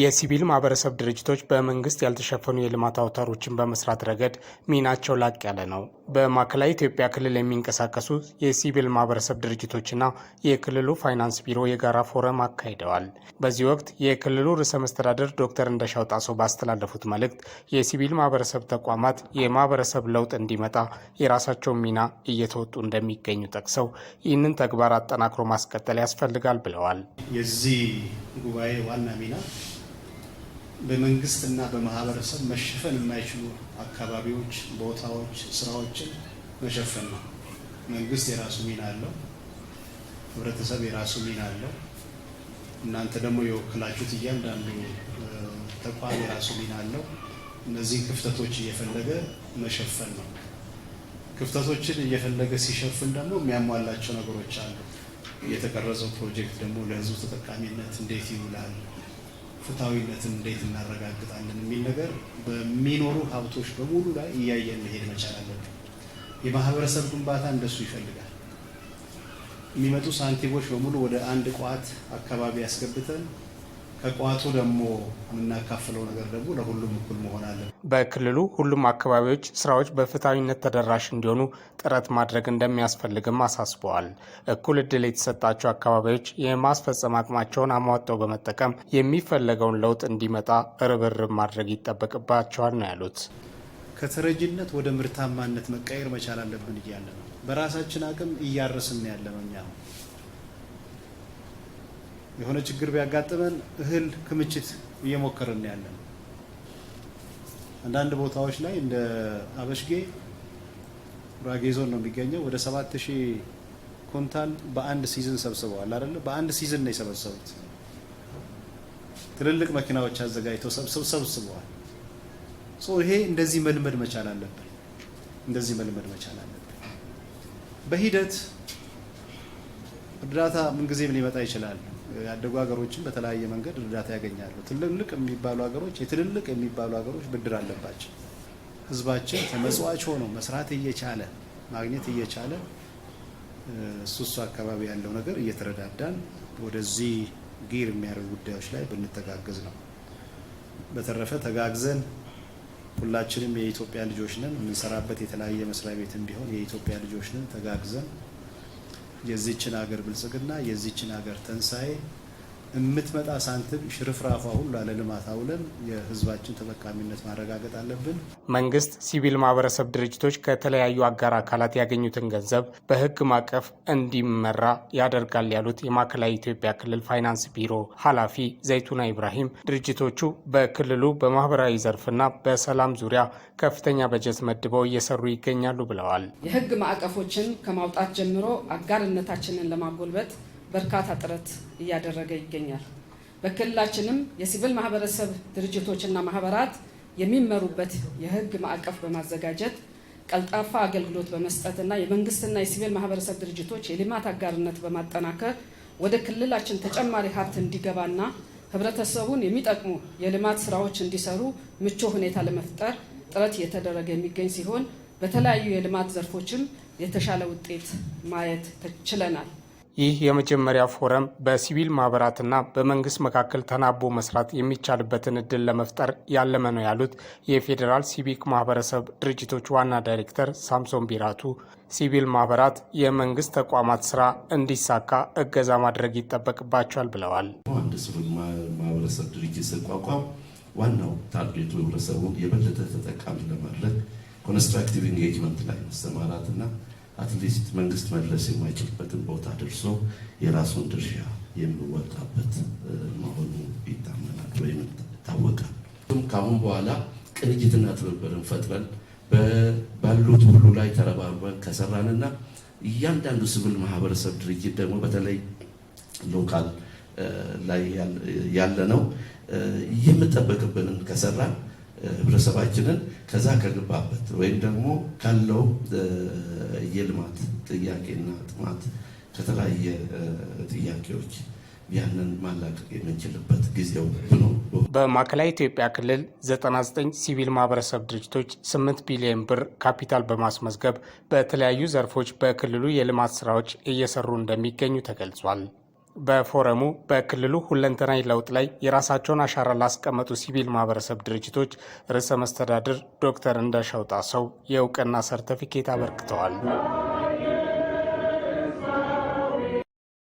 የሲቪል ማህበረሰብ ድርጅቶች በመንግስት ያልተሸፈኑ የልማት አውታሮችን በመስራት ረገድ ሚናቸው ላቅ ያለ ነው። በማዕከላዊ ኢትዮጵያ ክልል የሚንቀሳቀሱ የሲቪል ማህበረሰብ ድርጅቶችና የክልሉ ፋይናንስ ቢሮ የጋራ ፎረም አካሂደዋል። በዚህ ወቅት የክልሉ ርዕሰ መስተዳደር ዶክተር እንደሻው ባስተላለፉት መልእክት የሲቪል ማህበረሰብ ተቋማት የማህበረሰብ ለውጥ እንዲመጣ የራሳቸውን ሚና እየተወጡ እንደሚገኙ ጠቅሰው ይህንን ተግባር አጠናክሮ ማስቀጠል ያስፈልጋል ብለዋል። የዚህ ጉባኤ ዋና ሚና በመንግስትና በማህበረሰብ መሸፈን የማይችሉ አካባቢዎች፣ ቦታዎች፣ ስራዎችን መሸፈን ነው። መንግስት የራሱ ሚና አለው፣ ህብረተሰብ የራሱ ሚና አለው። እናንተ ደግሞ የወክላችሁት እያንዳንዱ ተቋም የራሱ ሚና አለው። እነዚህን ክፍተቶች እየፈለገ መሸፈን ነው። ክፍተቶችን እየፈለገ ሲሸፍን ደግሞ የሚያሟላቸው ነገሮች አሉ። የተቀረጸው ፕሮጀክት ደግሞ ለህዝቡ ተጠቃሚነት እንዴት ይውላል ፍትሐዊነትን እንዴት እናረጋግጣለን የሚል ነገር በሚኖሩ ሀብቶች በሙሉ ላይ እያየን መሄድ መቻል አለብን። የማህበረሰብ ግንባታ እንደሱ ይፈልጋል። የሚመጡ ሳንቲሞች በሙሉ ወደ አንድ ቋት አካባቢ ያስገብተን ከቋቱ ደግሞ የምናካፍለው ነገር ደግሞ ለሁሉም እኩል መሆን አለን። በክልሉ ሁሉም አካባቢዎች ስራዎች በፍትሐዊነት ተደራሽ እንዲሆኑ ጥረት ማድረግ እንደሚያስፈልግም አሳስበዋል። እኩል እድል የተሰጣቸው አካባቢዎች የማስፈጸም አቅማቸውን አሟጠው በመጠቀም የሚፈለገውን ለውጥ እንዲመጣ ርብርብ ማድረግ ይጠበቅባቸዋል ነው ያሉት። ከተረጅነት ወደ ምርታማነት መቀየር መቻል አለብን እያለ ነው። በራሳችን አቅም እያረስን ያለ ነው እኛ የሆነ ችግር ቢያጋጥመን እህል ክምችት እየሞከርን ያለን አንዳንድ ቦታዎች ላይ እንደ አበሽጌ ጉራጌ ዞን ነው የሚገኘው። ወደ ሰባት ሺህ ኩንታል በአንድ ሲዝን ሰብስበዋል አደለ በአንድ ሲዝን ነው የሰበሰቡት። ትልልቅ መኪናዎች አዘጋጅተው ሰብስበዋል። ይሄ እንደዚህ መልመድ መቻል አለብን። እንደዚህ መልመድ መቻል አለብን። በሂደት እርዳታ ምንጊዜም ሊመጣ ይችላል። ያደጉ ሀገሮችን በተለያየ መንገድ እርዳታ ያገኛሉ። ትልልቅ የሚባሉ ሀገሮች የትልልቅ የሚባሉ ሀገሮች ብድር አለባቸው። ህዝባችን ተመጽዋች ሆኖ መስራት እየቻለ ማግኘት እየቻለ እሱ እሱ አካባቢ ያለው ነገር እየተረዳዳን ወደዚህ ጊር የሚያደርጉ ጉዳዮች ላይ ብንተጋገዝ ነው። በተረፈ ተጋግዘን ሁላችንም የኢትዮጵያ ልጆች ነን። የምንሰራበት የተለያየ መስሪያ ቤትም ቢሆን የኢትዮጵያ ልጆች ነን። ተጋግዘን የዚችን ሀገር ብልጽግና የዚችን ሀገር ተንሳኤ የምትመጣ ሳንቲም ሽርፍራፋ ሁሉ ለልማት አውለን የህዝባችን ተጠቃሚነት ማረጋገጥ አለብን። መንግስት ሲቪል ማህበረሰብ ድርጅቶች ከተለያዩ አጋር አካላት ያገኙትን ገንዘብ በህግ ማዕቀፍ እንዲመራ ያደርጋል ያሉት የማዕከላዊ ኢትዮጵያ ክልል ፋይናንስ ቢሮ ኃላፊ ዘይቱና ኢብራሂም ድርጅቶቹ በክልሉ በማህበራዊ ዘርፍና በሰላም ዙሪያ ከፍተኛ በጀት መድበው እየሰሩ ይገኛሉ ብለዋል። የህግ ማዕቀፎችን ከማውጣት ጀምሮ አጋርነታችንን ለማጎልበት በርካታ ጥረት እያደረገ ይገኛል። በክልላችንም የሲቪል ማህበረሰብ ድርጅቶችና ማህበራት የሚመሩበት የህግ ማዕቀፍ በማዘጋጀት ቀልጣፋ አገልግሎት በመስጠትና የመንግስትና የሲቪል ማህበረሰብ ድርጅቶች የልማት አጋርነት በማጠናከር ወደ ክልላችን ተጨማሪ ሀብት እንዲገባና ህብረተሰቡን የሚጠቅሙ የልማት ስራዎች እንዲሰሩ ምቹ ሁኔታ ለመፍጠር ጥረት እየተደረገ የሚገኝ ሲሆን በተለያዩ የልማት ዘርፎችም የተሻለ ውጤት ማየት ችለናል። ይህ የመጀመሪያ ፎረም በሲቪል ማህበራትና በመንግስት መካከል ተናቦ መስራት የሚቻልበትን እድል ለመፍጠር ያለመ ነው ያሉት የፌዴራል ሲቪክ ማህበረሰብ ድርጅቶች ዋና ዳይሬክተር ሳምሶን ቢራቱ ሲቪል ማህበራት የመንግስት ተቋማት ስራ እንዲሳካ እገዛ ማድረግ ይጠበቅባቸዋል ብለዋል። አንድ ሲቪል ማህበረሰብ ድርጅት ሲቋቋም ዋናው ታርጌቱ ህብረተሰቡን የበለጠ ተጠቃሚ ለማድረግ ኮንስትራክቲቭ ኢንጌጅመንት ላይ መሰማራትና አትሊስት መንግስት መድረስ የማይችልበትን ቦታ ደርሶ የራሱን ድርሻ የሚወጣበት መሆኑ ይታመናል ወይም ይታወቃል። ከአሁን በኋላ ቅንጅትና ትብብርን ፈጥረን ባሉት ሁሉ ላይ ተረባርበን ከሰራንና እያንዳንዱ ሲቪል ማህበረሰብ ድርጅት ደግሞ በተለይ ሎካል ላይ ያለ ነው የምጠበቅብንን ከሰራን ህብረተሰባችንን ከዛ ከገባበት ወይም ደግሞ ካለው የልማት ጥያቄና ጥማት ከተለያየ ጥያቄዎች ያንን ማላቀቅ የምንችልበት ጊዜው ብሎ በማዕከላዊ ኢትዮጵያ ክልል 99 ሲቪል ማህበረሰብ ድርጅቶች 8 ቢሊዮን ብር ካፒታል በማስመዝገብ በተለያዩ ዘርፎች በክልሉ የልማት ስራዎች እየሰሩ እንደሚገኙ ተገልጿል። በፎረሙ በክልሉ ሁለንተናዊ ለውጥ ላይ የራሳቸውን አሻራ ላስቀመጡ ሲቪል ማህበረሰብ ድርጅቶች ርዕሰ መስተዳድር ዶክተር እንደሻው ጣሰው የእውቅና ሰርተፊኬት አበርክተዋል።